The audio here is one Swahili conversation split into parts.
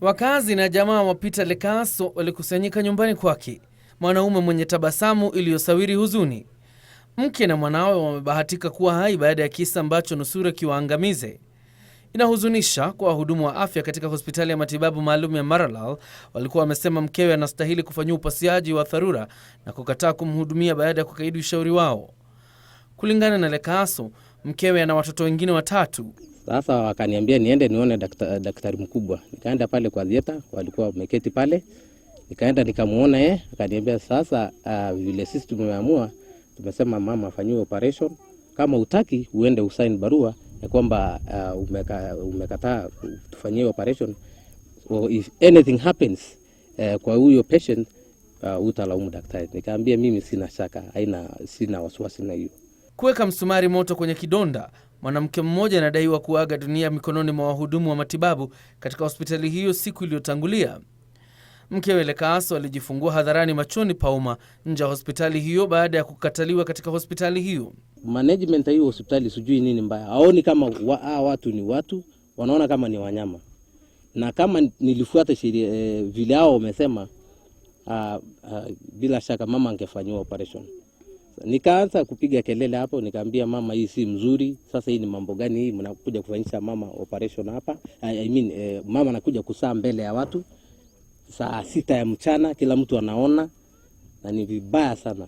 Wakazi na jamaa wa Peter Lekaso walikusanyika nyumbani kwake, mwanaume mwenye tabasamu iliyosawiri huzuni. Mke na mwanawe wamebahatika kuwa hai baada ya kisa ambacho nusura kiwaangamize. Inahuzunisha kwa wahudumu wa afya katika hospitali ya matibabu maalum ya Maralal walikuwa wamesema mkewe anastahili kufanyiwa upasiaji wa dharura na kukataa kumhudumia baada ya kukaidi ushauri wao. Kulingana na Lekaso, mkewe ana watoto wengine watatu. Sasa wakaniambia niende nione daktari, daktari mkubwa. Nikaenda pale kwa Zieta, walikuwa wameketi pale, nikaenda nikamuona yeye, akaniambia sasa, uh, vile sisi tumeamua, tumesema mama afanyiwe operation, kama utaki uende usign barua ya kwamba uh, umeka, umekataa tufanyie operation or if anything happens uh, kwa huyo patient uh, ah, utalaumu daktari. Nikaambia mimi sina shaka, haina sina wasiwasi na hiyo kuweka msumari moto kwenye kidonda. Mwanamke mmoja anadaiwa kuaga dunia mikononi mwa wahudumu wa matibabu katika hospitali hiyo siku iliyotangulia. Mkewe Lekaso alijifungua hadharani machoni pauma nje ya hospitali hiyo baada ya kukataliwa katika hospitali hiyo. Management ya hiyo hospitali sijui nini mbaya, haoni kama wa, watu ni watu, wanaona kama ni wanyama, na kama nilifuata sheria eh, vile hao wamesema, ah, ah, bila shaka mama angefanyiwa operation. Sasa nikaanza kupiga kelele hapo, nikaambia mama, hii si mzuri. Sasa hii ni mambo gani hii mnakuja kufanyisha mama operation hapa? I mean, eh, mama anakuja kusaa mbele ya watu saa sita ya mchana, kila mtu anaona na ni vibaya sana.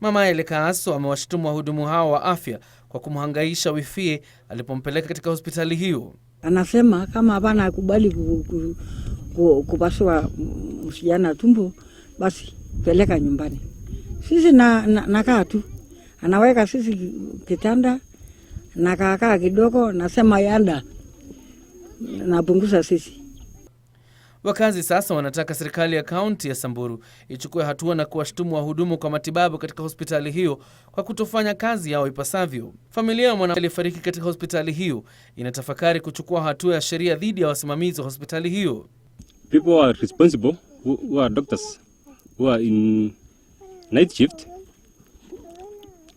Mama Elekaaso amewashutumu wahudumu hao wa afya kwa kumhangaisha wifie alipompeleka katika hospitali hiyo. Anasema kama hapana akubali kupasua msijana tumbo, basi peleka nyumbani. Sisi na, na, nakaa tu anaweka sisi kitanda na kaakaa kidogo, nasema yanda napunguza sisi. Wakazi sasa wanataka serikali ya kaunti ya Samburu ichukue hatua na kuwashtumu wahudumu kwa matibabu katika hospitali hiyo kwa kutofanya kazi yao ipasavyo. Familia ya mwanamke aliyefariki katika hospitali hiyo inatafakari kuchukua hatua ya sheria dhidi ya wasimamizi wa hospitali hiyo. People are responsible, who are doctors, who are in night shift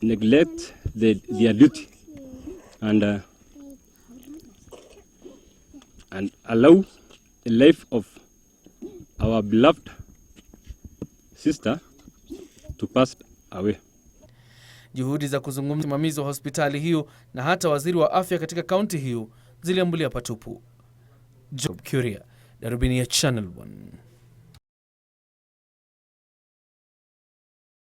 neglect the, their duty and, uh, and allow the life of our beloved sister to pass away. Juhudi za kuzungumza msimamizi wa hospitali hiyo na hata waziri wa afya katika kaunti hiyo ziliambulia patupu. Job Curia, Darubini ya Channel One.